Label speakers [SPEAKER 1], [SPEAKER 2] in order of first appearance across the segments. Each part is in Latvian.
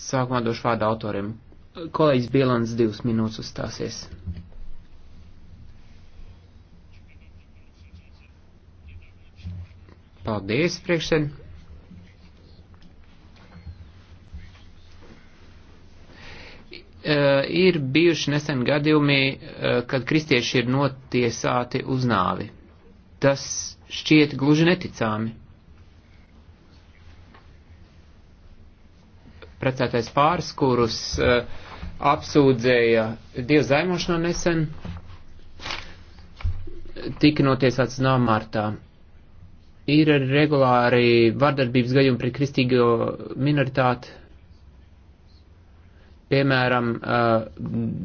[SPEAKER 1] Sākumā došu vārdu autorim. Kolēģis Bielans divas minūtes uzstāsies. Paldies, priekšsēd. Uh, ir bijuši nesen gadījumi, uh, kad kristieši ir notiesāti uz nāvi. Tas šķiet gluži neticami. precētais pāris, kurus uh, apsūdzēja dievu zaimošanu nesen, tika notiesāts nāmārtā. Ir regulāri vardarbības gadījumi pret kristīgo minoritāti, piemēram, uh,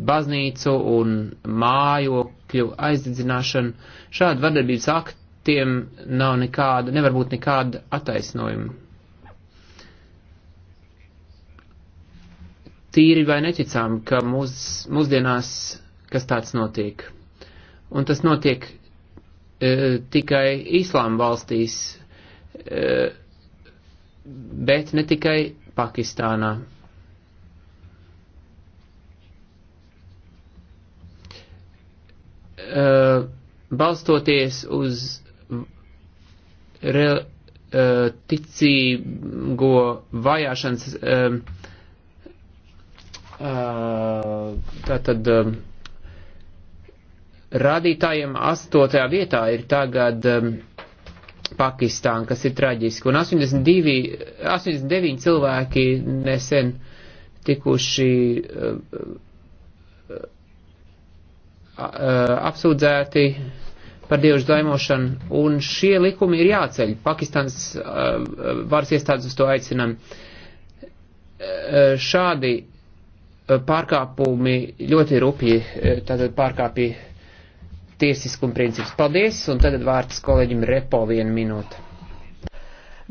[SPEAKER 1] baznīcu un mājokļu aizdedzināšanu. Šādi vardarbības aktiem nav nekāda, nevar būt nekāda attaisnojuma tīri vai neticām, ka mūs, mūsdienās kas tāds notiek. Un tas notiek e, tikai islām valstīs, e, bet ne tikai Pakistānā. E, balstoties uz re, e, ticīgo vajāšanas e, Tātad rādītājiem astotajā vietā ir tagad Pakistāna, kas ir traģiski. Un 82, 89 cilvēki nesen tikuši apsūdzēti par dievu zaimošanu, un šie likumi ir jāceļ. Pakistāns uh, varas iestādes uz to aicinam. Uh, šādi pārkāpumi ļoti rupji, e, tātad pārkāpī tiesiskuma princips. Paldies, un tagad vārds kolēģim Repo vienu minūtu.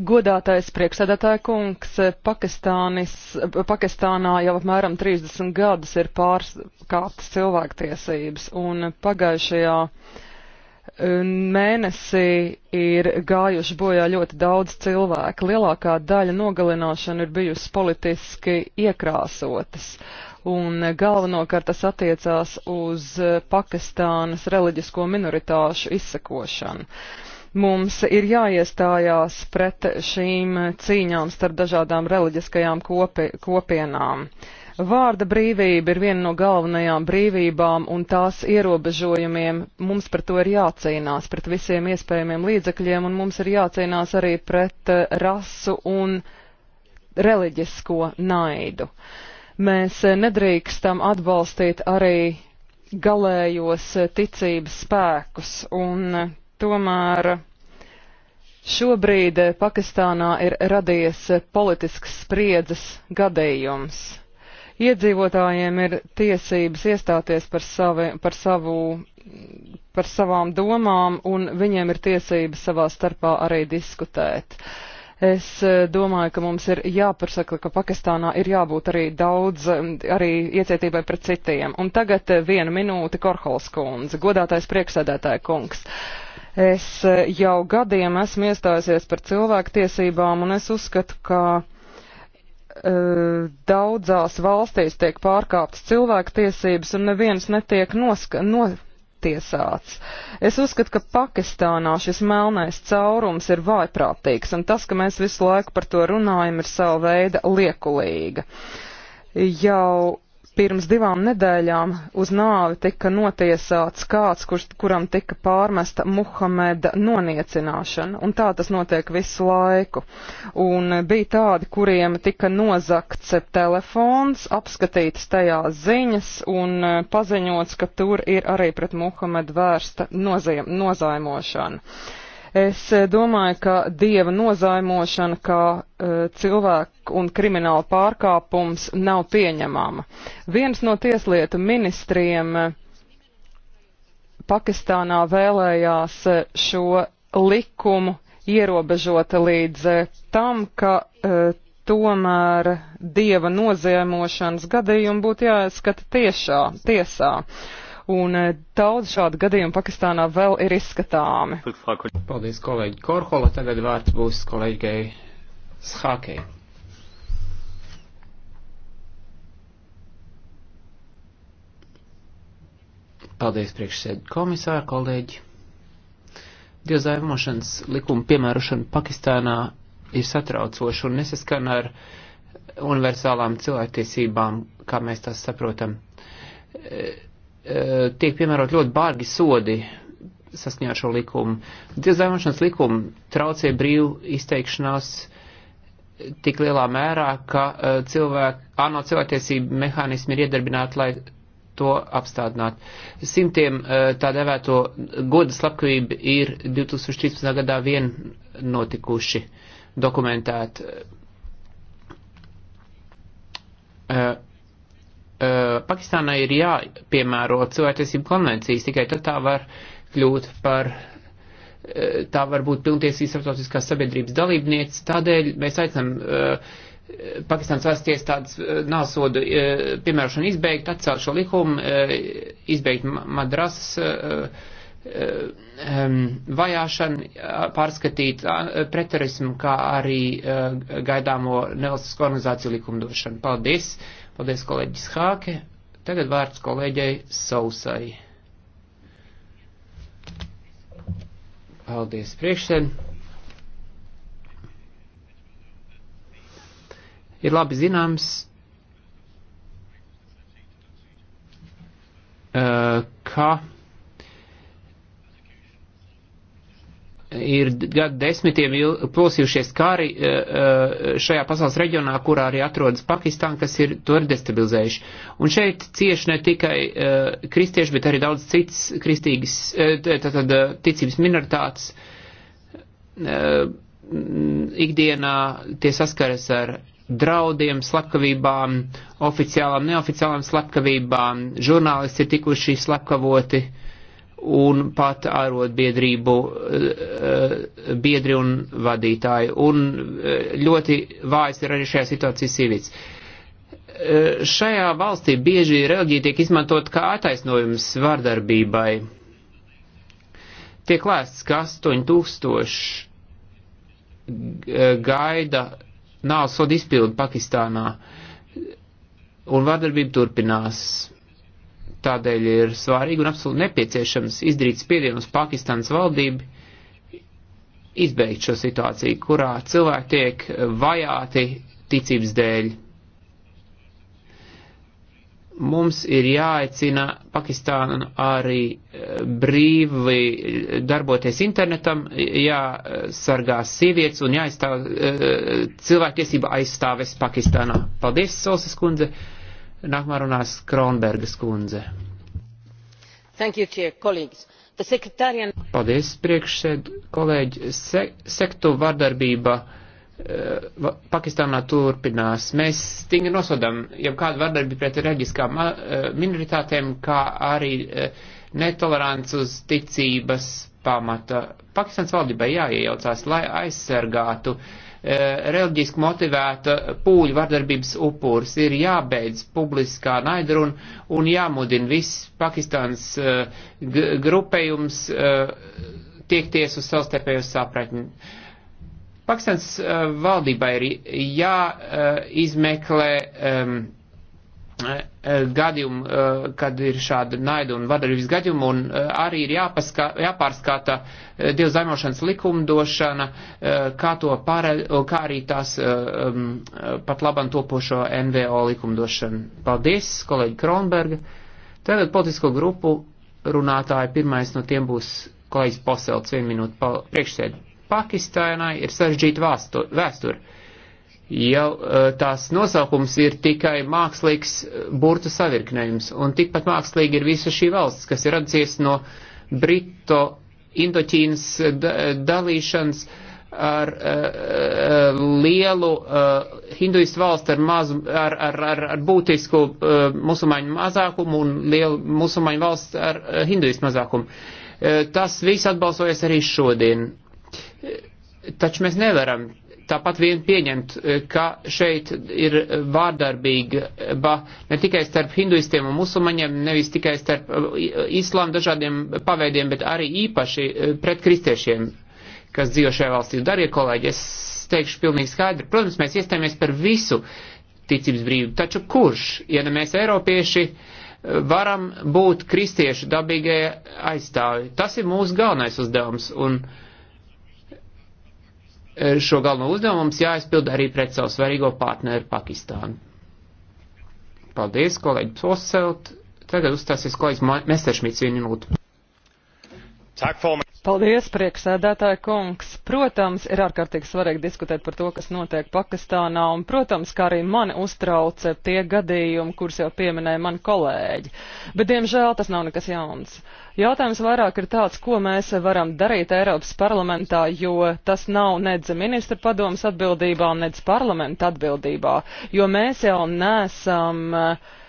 [SPEAKER 2] Godātais priekšsēdētāja kungs, Pakistānis, Pakistānā jau apmēram 30 gadus ir pārkāptas cilvēktiesības, un pagājušajā uh, mēnesī ir gājuši bojā ļoti daudz cilvēku. Lielākā daļa nogalināšana ir bijusi politiski iekrāsotas. Un galvenokārt tas attiecās uz Pakistānas reliģisko minoritāšu izsakošanu. Mums ir jāiestājās pret šīm cīņām starp dažādām reliģiskajām kopi kopienām. Uh, Vārda brīvība ir viena no galvenajām brīvībām un tās ierobežojumiem. Mums par to ir jācīnās, pret visiem iespējamiem līdzekļiem, un mums ir jācīnās arī pret eh, rasu un reliģisko naidu. Mēs eh, nedrīkstam atbalstīt arī galējos eh, ticības spēkus, un tomēr šobrīd Pakistānā ir radies politisks spriedzes gadījums iedzīvotājiem ir tiesības iestāties par, savi, par, savu, par savām domām, un viņiem ir tiesības savā starpā arī diskutēt. Es e, domāju, ka mums ir jāpasaka, ka Pakistānā ir jābūt arī daudz, e, arī iecietībai pret citiem. Un tagad e, viena minūte Korhols kundze, godātais priekšsēdētāja kungs. Es jau gadiem esmu iestājusies par cilvēku tiesībām, un es uzskatu, ka E, daudzās valstīs tiek pārkāptas cilvēktiesības un neviens netiek noska, notiesāts. Es uzskatu, ka Pakistānā šis melnais caurums ir vaiprātīgs, un tas, ka mēs visu laiku par to runājam, ir sava veida liekulīga. Jau Pirms divām nedēļām uz nāvi tika notiesāts kāds, kurš, kuram tika pārmesta Muhameda noniecināšana, un tā tas notiek visu laiku. Un bija tādi, kuriem tika nozakts telefons, apskatītas tajā ziņas un e, paziņots, ka tur ir arī pret Muhamedu vērsta nozaimošana. Es eh, domāju, ka dieva nozaimošana kā uh, cilvēku un krimināla pārkāpums nav pieņemama. Viens no tieslietu ministriem eh, Pakistānā vēlējās šo likumu ierobežot līdz tam, ka uh, tomēr dieva noziemošanas gadījumi būtu jāskata tiešā, tiesā un eh, daudz šādu gadījumu Pakistānā
[SPEAKER 1] vēl ir izskatāmi. Paldies, kolēģi Korhola. Tagad vārds būs kolēģei Shakei. Paldies, priekšsēd komisāra kolēģi. Diezaivošanas likuma piemērošana Pakistānā ir satraucoša un nesaskan ar universālām cilvēktiesībām, kā mēs tās saprotam. E, Eh, tiek piemērot ļoti bārgi sodi saskaņā ar šo likumu. Dziesmēšanas likumu traucē brīvu izteikšanās tik lielā mērā, ka eh, cilvēku, ANO cilvēktiesību mehānismi ir iedarbināti, lai to apstādināt. Simtiem eh, tā devēto goda slepkavību ir 2013. gadā vien notikuši dokumentēti. Pakistānai ir jāpiemēro cilvēktiesību konvencijas, tikai tad tā var kļūt par, tā var būt pilntiesīga starptautiskās sabiedrības dalībniece. Tādēļ mēs aicinām Pakistāns vēsties tādas nāsodu piemērošanu izbeigt, atcelt šo likumu, izbeigt madrasas vajāšanu, pārskatīt preterismu, kā arī gaidāmo nevalstisko organizāciju likumdošanu. Paldies! Paldies, kolēģis Hāke. Tagad vārds kolēģei Sausai. Paldies, priekšsēd. Ir labi zināms, uh, ka ir gadu desmitiem plosījušies kāri e, e, šajā pasaules reģionā, kurā arī atrodas Pakistāna, kas ir to ir destabilizējuši. Un šeit cieši ne tikai e, kristieši, bet arī daudz cits kristīgas, tātad ticības minoritātes. Ikdienā tie saskaras ar draudiem, slepkavībām, oficiālām, neoficiālām slepkavībām, žurnālisti ir tikuši slepkavoti. Uh, un pat arotbiedrību eh, eh, biedri un vadītāji. Un eh, ļoti vājas ir arī šajā situācijā sievietes. Šajā valstī bieži reliģija tiek izmantot kā attaisnojums vardarbībai. Tiek lēsts, ka 8000 gaida nav sodu izpildu Pakistānā, un vardarbība turpinās Tādēļ ir svarīgi un absolūti nepieciešams izdarīt spiedienu uz Pakistānas valdību, izbeigt šo situāciju, kurā cilvēki tiek vajāti ticības dēļ. Mums ir jāaicina Pakistānu arī eh, brīvi darboties internetam, jāsargā sievietes un jāaizstāv eh, cilvēktiesība aizstāves Pakistānā. Paldies, Solsas kundze! Nākamā runās Kronbergas kundze.
[SPEAKER 3] Thank you, dear colleagues. Secretarian...
[SPEAKER 1] Paldies, priekšsēd, kolēģi. Se sektu vardarbība eh, Pakistānā turpinās. Mēs stingri nosodam jau kādu vardarbību pret reģiskām eh, minoritātēm, kā arī eh, netolerants uz ticības pamata. Pakistāns valdībai jāiejaucās, lai aizsargātu uh, Eh, reliģiski motivēta pūļu vardarbības upurs. Ir jābeidz publiskā naidruna un jāmudina viss Pakistāns eh, grupējums eh, tiekties uz savstarpējo sapratni. Pakistāns valdībai ir jāizmeklē um, ehm, Eh, eh, gadījumu, eh, kad ir šāda naida un vadarības gadījuma, un arī ir jāpaskā, jāpārskata dievu zaimošanas likumdošana, kā, to pāre, kā arī tās um, pat labam topošo NVO likumdošana. Paldies, kolēģi Kronberga. Tagad politisko grupu runātāji pirmais no tiem būs kolēģis Poselts, vienu minūtu priekšsēdi. Pakistānai ir sarežģīta vēsture jau eh, tās nosaukums ir tikai mākslīgs eh, burtu savirknējums, un tikpat mākslīgi ir visa šī valsts, kas ir atcies no Brito Indoķīnas eh, dalīšanas ar uh, lielu uh, hinduistu valstu ar, mazu, ar, ar, ar, ar būtisku uh, musulmaņu mazākumu un lielu musulmaņu valstu ar uh, hinduistu mazākumu. Uh, tas viss atbalsojas arī šodien. Uh, taču mēs nevaram tāpat vien pieņemt, eh, ka šeit ir vārdarbība ne tikai starp hinduistiem un musulmaņiem, nevis tikai starp eh, islām dažādiem paveidiem, bet arī īpaši eh, pret kristiešiem, kas dzīvo šajā valstī. Darie kolēģi, es teikšu pilnīgi skaidri, protams, mēs iestājāmies par visu ticības brīvību, taču kurš, ja ne mēs eiropieši, varam būt kristiešu dabīgie aizstāvi? Tas ir mūsu galvenais uzdevums. Un, uh, E, šo galveno uzdevumu mums jāizpild arī pret savu svarīgo partneru Pakistānu. Paldies, kolēģi Poselt. Tagad uzstāsies kolēģis Mesteršmīts vienu minūtu. Paldies, prieksēdētāja kungs. Protams, ir ārkārtīgi svarīgi diskutēt par to,
[SPEAKER 2] kas notiek Pakistānā, un, protams, kā arī mani uztrauc tie gadījumi, kurus jau pieminēja mani kolēģi. Bet, diemžēl, tas nav nekas jauns. Jautājums vairāk ir tāds, ko mēs varam darīt Eiropas parlamentā, jo tas nav nedz ministra padomas atbildībā, nedz parlamenta atbildībā, jo mēs jau nesam. Uh,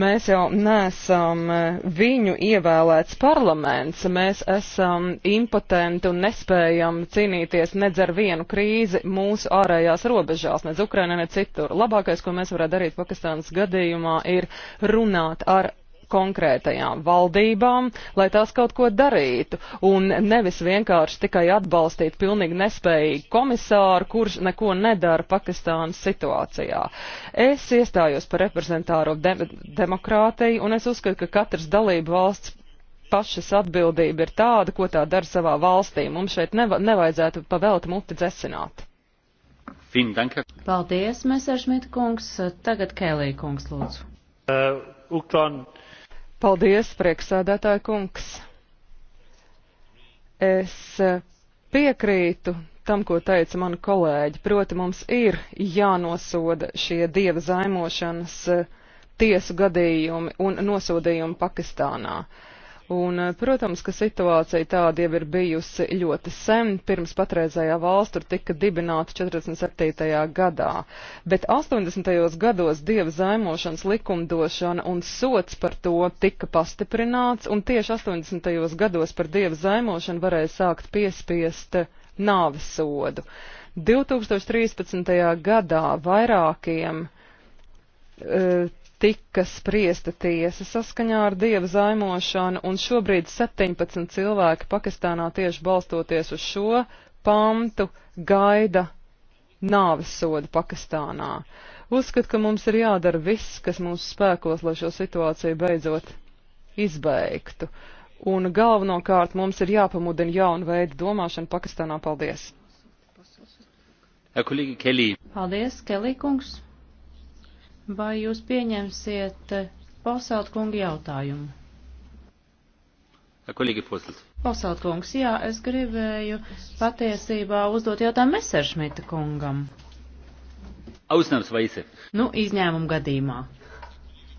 [SPEAKER 2] Mēs jau nesam e, viņu ievēlēts parlaments, mēs esam impotenti un nespējam cīnīties nedz ar vienu krīzi mūsu ārējās robežās, nedz Ukrainā, ne citur. Labākais, ko mēs varētu darīt Pakistānas gadījumā, ir runāt ar konkrētajām valdībām, lai tās kaut ko darītu, un nevis vienkārši tikai atbalstīt pilnīgi nespējīgu komisāru, kurš neko nedara Pakistānas situācijā. Es iestājos par reprezentāro de demokrātiju, un es uzskatu, ka katrs dalību valsts pašas atbildība ir tāda, ko tā dara savā valstī. Mums šeit neva nevajadzētu pavēlti muti dzesināt. Paldies, Mēsēršmita kungs. Tagad Kēlī kungs, lūdzu.
[SPEAKER 1] Uh, äh, Uklāna
[SPEAKER 2] Paldies, prieksēdētāja kungs. Es eh, piekrītu tam, ko teica mani kolēģi. Proti, mums ir jānosoda šie dieva zaimošanas eh, tiesu gadījumi un nosodījumi Pakistānā. Uh, Un, eh, protams, ka situācija tāda jau ir bijusi ļoti sen, pirms patreizējā valsts tur tika dibināta 47. gadā. Bet 80. gados dieva zaimošanas likumdošana un sots par to tika pastiprināts, un tieši 80. gados par dieva zaimošanu varēja sākt piespiest nāves sodu. 2013. gadā vairākiem. Uh, tika spriesta tiesa saskaņā ar dieva zaimošanu, un šobrīd 17 cilvēki Pakistānā tieši balstoties uz šo pantu gaida nāves sodu Pakistānā. Uzskat, ka mums ir jādara viss, kas mūsu spēkos, lai šo situāciju beidzot izbeigtu. Un galvenokārt mums ir jāpamudina jaunu veidu domāšanu Pakistānā. Paldies! Paldies, Kelī kungs! Vai jūs pieņemsiet
[SPEAKER 3] eh, Posālt kungu jautājumu?
[SPEAKER 1] Kolīgi Posālt.
[SPEAKER 3] Posālt kungs, jā, es gribēju patiesībā uzdot jautājumu Meseršmita kungam.
[SPEAKER 1] Ausnamsvaise.
[SPEAKER 3] Nu, izņēmuma gadījumā.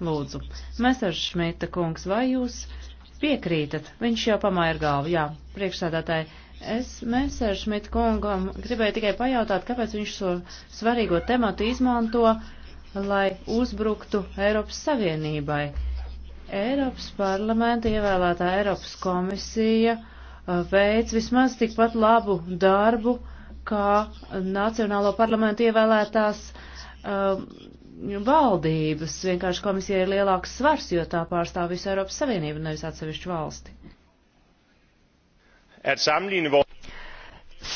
[SPEAKER 3] Lūdzu, Meseršmita kungs, vai jūs piekrītat? Viņš jau pamāja ar galvu, jā, priekšsādātāji. Es Meseršmita kungam gribēju tikai pajautāt, kāpēc viņš šo so svarīgo tematu izmanto lai uzbruktu Eiropas Savienībai. Eiropas parlamenta ievēlētā Eiropas komisija uh, veic vismaz tikpat labu darbu, kā Nacionālo parlamentu ievēlētās um, valdības. Vienkārši komisija ir lielāks svars, jo tā pārstāv visu Eiropas Savienību, nevis atsevišķu valsti.
[SPEAKER 2] At sammenligne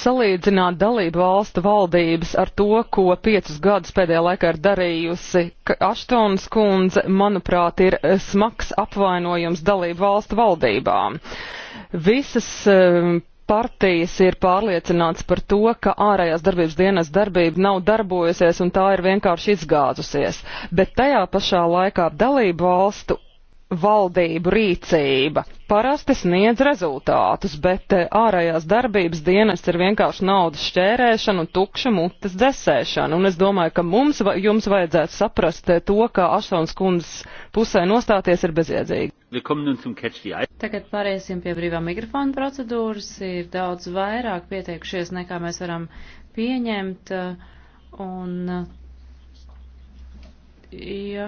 [SPEAKER 2] salīdzināt dalību valstu valdības ar to, ko piecus gadus pēdējā laikā ir darījusi Aštons kundze, manuprāt, ir eh, smags apvainojums dalību valstu valdībām. Visas um, partijas ir pārliecināts par to, ka ārējās darbības dienas darbība nav darbojusies un tā ir vienkārši izgāzusies. Bet tajā pašā laikā dalību valstu valdību rīcība parasti sniedz rezultātus, bet eh, ārējās darbības dienas ir vienkārši naudas šķērēšana un tukša mutes dzesēšana. Un es domāju, ka mums, jums vajadzētu saprast eh, to, ka Ašons kundzes pusē nostāties ir bezjēdzīgi.
[SPEAKER 1] Tagad
[SPEAKER 3] pāriesim pie brīvā mikrofona procedūras. Ir daudz vairāk pieteikušies, nekā mēs varam pieņemt. Eh, un, ja,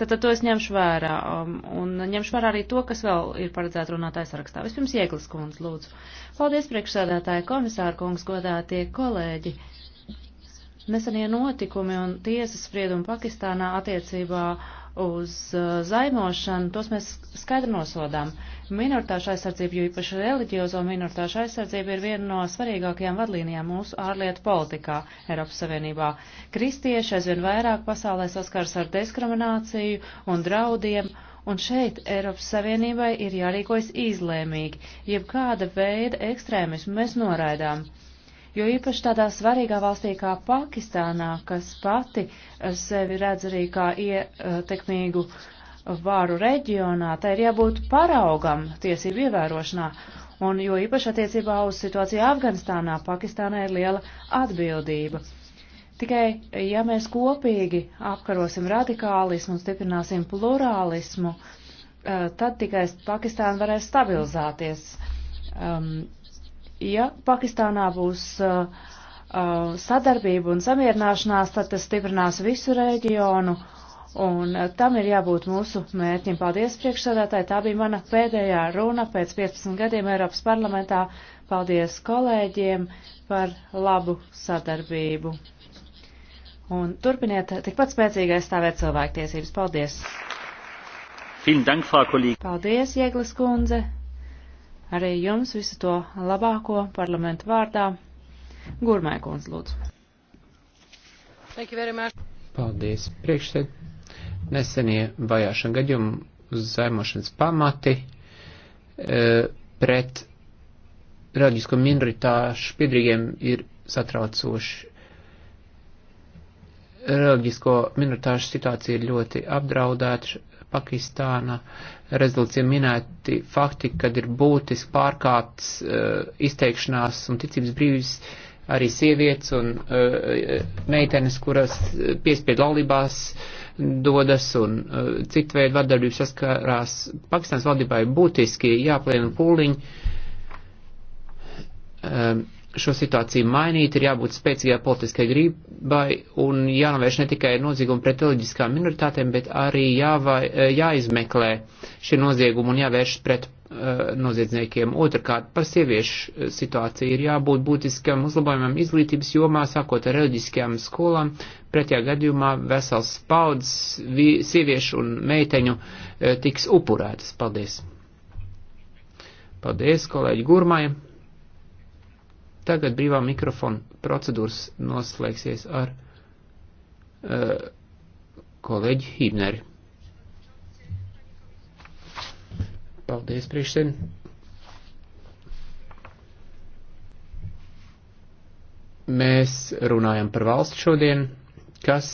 [SPEAKER 3] Tātad to es ņemšu vērā um, un ņemšu vērā arī to, kas vēl ir paredzēts runātājs sarakstā. Vispirms Ieglis kundz, lūdzu. Paldies priekšsēdētāji komisāru kungs, godātie kolēģi. Nesenie notikumi un tiesas spriedumi Pakistānā attiecībā uz uh, zaimošanu, tos mēs skaidri nosodām minoritāšu aizsardzība, jo īpaši reliģiozo minoritāšu aizsardzība ir viena no svarīgākajām vadlīnijām mūsu ārlietu politikā Eiropas Savienībā. Kristieši aizvien vairāk pasaulē saskars ar diskrimināciju un draudiem. Un šeit Eiropas Savienībai ir jārīkojas izlēmīgi, jeb kāda veida ekstrēmismu mēs noraidām. Jo īpaši tādā svarīgā valstī kā Pakistānā, kas pati sevi redz arī kā ietekmīgu uh, varu reģionā, tai ir jābūt paraugam tiesību ievērošanā, un jo īpaši attiecībā uz situāciju Afganistānā, Pakistānā ir liela atbildība. Tikai, ja mēs kopīgi apkarosim radikālismu un stiprināsim plurālismu, eh, tad tikai Pakistāna varēs stabilizēties. Um, ja Pakistānā būs uh, sadarbība un samierināšanās, tad tas stiprinās visu reģionu Un eh, tam ir jābūt mūsu mērķim. Paldies, priekšsēdētāji. Tā bija mana pēdējā runa pēc 15 gadiem Eiropas parlamentā. Paldies kolēģiem par labu sadarbību. Un turpiniet tikpat spēcīgi aizstāvēt cilvēktiesības. Paldies! Paldies, Jēglas kundze! Arī jums visu to labāko parlamentu vārdā. Gurmai kundze, lūdzu.
[SPEAKER 1] Paldies, priekšsēdētāji! nesenie vajāšana gadījumi uz zaimošanas pamati e, pret reliģisko minoritāšu piedrīgiem ir satraucoši. Reliģisko minoritāšu situācija ir ļoti apdraudēta Pakistāna. Rezolūcija minēti fakti, kad ir būtiski pārkāpts uh, izteikšanās un ticības brīvības arī sievietes un uh, meitenes, kuras piespied laulībās uh, dodas un uh, citu veidu vardarbības saskarās. Pakistāns valdībai būtiski jāpliena pūliņi um, šo situāciju mainīt, ir jābūt spēcīgai politiskai grībai un jānovērš ne tikai noziegumi pret reliģiskām minoritātēm, bet arī jāvai, uh, jāizmeklē šie noziegumi un jāvērš pret Eh, noziedzniekiem. Otrakārt, par sieviešu eh, situāciju ir jābūt būtiskam uzlabojumam izglītības jomā, sākot ar reliģiskajām skolām. Pretējā gadījumā vesels paudzes sieviešu un meiteņu eh, tiks upurētas. Paldies! Paldies, kolēģi Gurmai! Tagad brīvā mikrofona procedūras noslēgsies ar uh, kolēģi Hībneri. Paldies, priekšsēd. Mēs runājam par valsti šodien, kas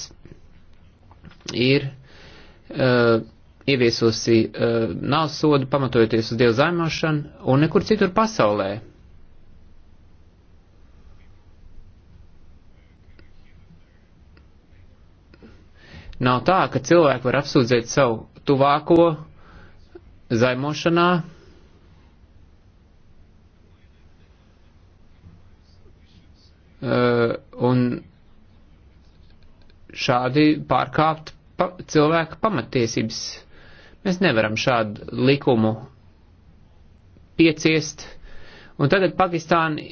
[SPEAKER 1] ir uh, ieviesusi uh, nav sodu pamatojoties uz dievu zaimošanu un nekur citur pasaulē. Nav tā, ka cilvēki var apsūdzēt savu tuvāko zaimošanā. Uh, un šādi pārkāpt pa cilvēka pamatiesības. Mēs nevaram šādu likumu pieciest. Un tagad Pakistāna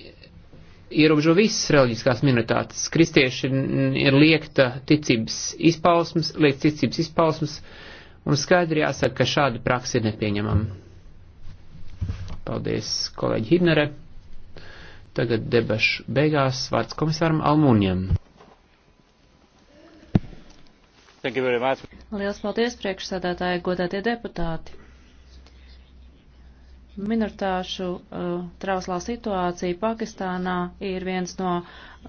[SPEAKER 1] ierobežo visas reliģiskās minoritātes. Kristieši ir liekta ticības izpausmas, liekta ticības izpausmas. Uh, Mums skaidri jāsaka, ka šāda praksa ir nepieņemama. Paldies, kolēģi Hidnere. Tagad debašu beigās vārds komisāram Almūņiem. Liels
[SPEAKER 3] paldies priekšsādātāji, godātie deputāti! Minoritāšu uh, trauslā situācija Pakistānā ir viens no,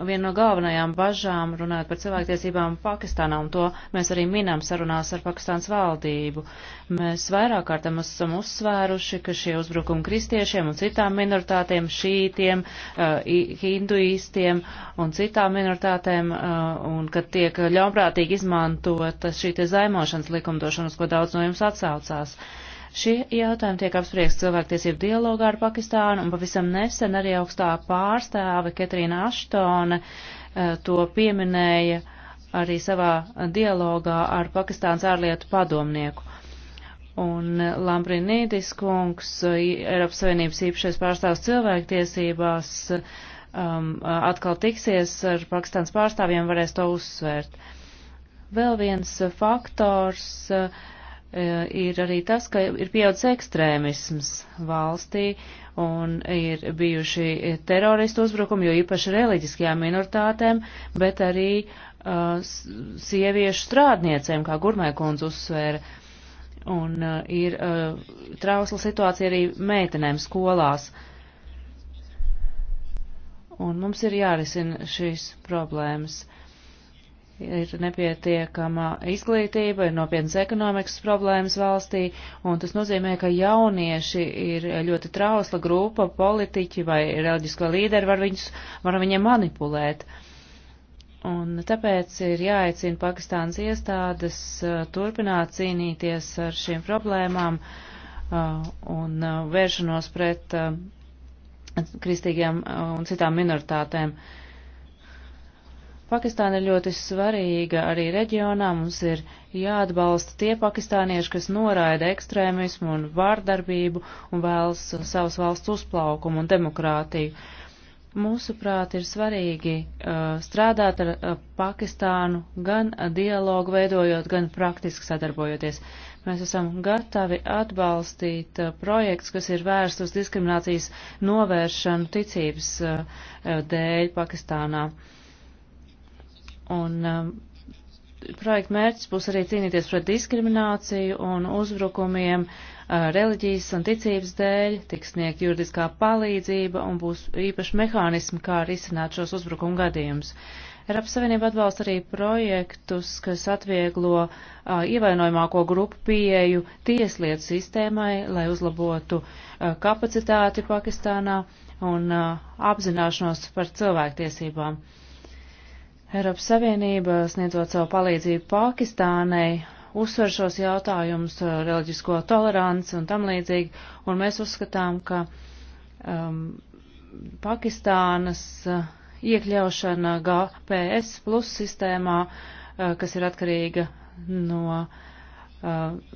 [SPEAKER 3] viena no galvenajām bažām runājot par cilvēktiesībām Pakistānā, un to mēs arī minam sarunās ar Pakistānas valdību. Mēs vairāk kārtam esam uzsvēruši, ka šie uzbrukumi kristiešiem un citām minoritātēm, šītiem, uh, hinduistiem un citām minoritātēm, uh, un ka tiek ļaunprātīgi izmantota šī te zaimošanas likumdošanas, ko daudz no jums atsaucās. Uh, Šie jautājumi tiek apspriest cilvēktiesību dialogā ar Pakistānu, un pavisam nesen arī augstā pārstāve Ketrīna Aštone eh, to pieminēja arī savā dialogā ar Pakistāns ārlietu padomnieku. Un eh, Lambrinīdis kungs, eh, Eiropas Savienības īpašais pārstāvs cilvēktiesībās, um, atkal tiksies ar Pakistāns pārstāvjiem, varēs to uzsvērt. Vēl viens faktors, uh, E, ir arī tas, ka ir pieaudzis ekstrēmisms valstī un ir bijuši teroristu uzbrukumi, jo īpaši reliģiskajām minoritātēm, bet arī uh, sieviešu strādniecēm, kā Gurmēkundze uzsvēra. Un uh, ir uh, trausla situācija arī meitenēm skolās. Un mums ir jārisina šīs problēmas. Uh, ir nepietiekama izglītība, ir nopietnas ekonomikas problēmas valstī, un tas nozīmē, ka jaunieši ir ļoti trausla grupa, politiķi vai reliģisko līderi var, viņus, var viņiem manipulēt. Un tāpēc ir jāaicina Pakistānas iestādes uh, turpināt cīnīties ar šīm problēmām uh, un uh, vēršanos pret kristīgiem un citām minoritātēm. Pakistāna ir ļoti svarīga arī reģionā. Mums ir jāatbalsta tie pakistānieši, kas noraida ekstrēmismu un vārdarbību un vēlas savas valsts uzplaukumu un demokrātiju. Mūsuprāt, ir svarīgi uh, strādāt ar uh, Pakistānu gan dialogu veidojot, gan praktiski sadarbojoties. Mēs esam gatavi atbalstīt uh, projekts, kas ir vērsts uz diskriminācijas novēršanu ticības uh, uh dēļ Pakistānā. Uh, Un um, projekta mērķis būs arī cīnīties pret diskrimināciju un uzbrukumiem uh, reliģijas un ticības dēļ, tiks sniegt juridiskā palīdzība un būs īpaši mehānismi, kā risināt šos uzbrukumu gadījumus. Eiropas Savienība atbalsta arī projektus, kas atvieglo uh, ievainojamāko grupu pieeju tieslietu sistēmai, lai uzlabotu uh, kapacitāti Pakistānā un uh, apzināšanos par cilvēktiesībām. Uh, Eiropas Savienība, sniedzot savu palīdzību Pakistānai, uzsver šos jautājumus, uh, reliģisko toleranci un tam līdzīgi, un mēs uzskatām, ka um, Pakistānas uh, iekļaušana GPS plus sistēmā, uh, kas ir atkarīga no uh, Uh,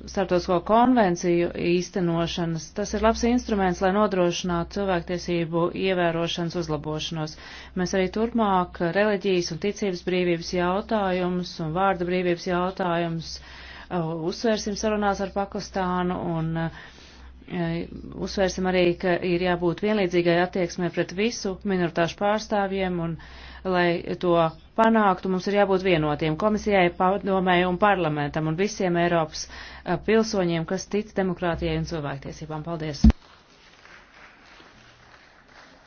[SPEAKER 3] starptautisko konvenciju īstenošanas. Tas ir labs instruments, lai nodrošinātu cilvēktiesību ievērošanas uzlabošanos. Mēs arī turpmāk reliģijas un ticības brīvības jautājumus un vārda brīvības jautājumus uh, uzsvērsim sarunās ar Pakistānu un uh, Eh, uzsvērsim arī, ka ir jābūt vienlīdzīgai attieksmē pret visu minoritāšu pārstāvjiem un, lai to panāktu, mums ir jābūt vienotiem komisijai, padomēji un parlamentam un visiem Eiropas eh, pilsoņiem, kas tic demokrātijai un cilvēktiesībām. Paldies!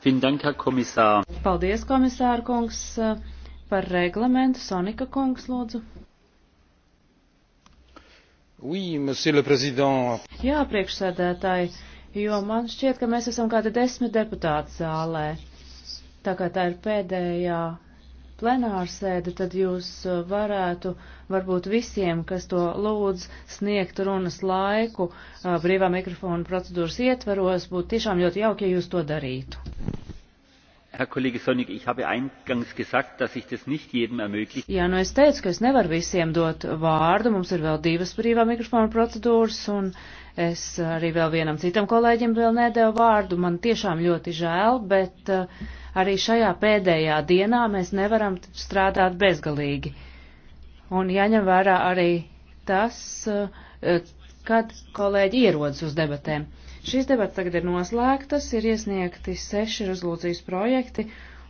[SPEAKER 1] Danka, komisār.
[SPEAKER 3] Paldies, komisāra kungs, eh, par reglamentu. Sonika kungs, lūdzu. Oui, monsieur le président. Jā, priekšsēdētāji, jo man šķiet, ka mēs esam kādi desmit deputāti zālē. Tā kā tā ir pēdējā plenārsēde, tad jūs uh, varētu varbūt visiem, kas to lūdz, sniegt runas laiku uh, brīvā mikrofona procedūras ietveros, būtu tiešām ļoti jauki, ja jūs to darītu.
[SPEAKER 1] Herr Kollege Sonik, ich habe eingangs gesagt, dass ich das nicht jedem ermögliche.
[SPEAKER 3] Jā, nu es teicu, ka es nevaru visiem dot vārdu, mums ir vēl divas brīvā mikrofona procedūras, un es arī vēl vienam citam kolēģim vēl nedēvu vārdu. Man tiešām ļoti žēl, bet eh, arī šajā pēdējā dienā mēs nevaram strādāt bezgalīgi. Un jāņem vērā arī tas, eh, kad kolēģi ierodas uz debatēm. Šīs debats tagad ir noslēgtas, ir iesniegti seši rezolūcijas projekti,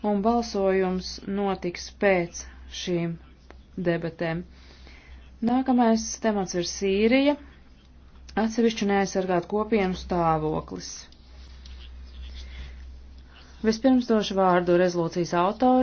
[SPEAKER 3] un balsojums notiks pēc šīm debatēm. Nākamais temats ir Sīrija, atsevišķu neaizsargāt kopienu stāvoklis. Vispirms došu vārdu rezolūcijas autoriem.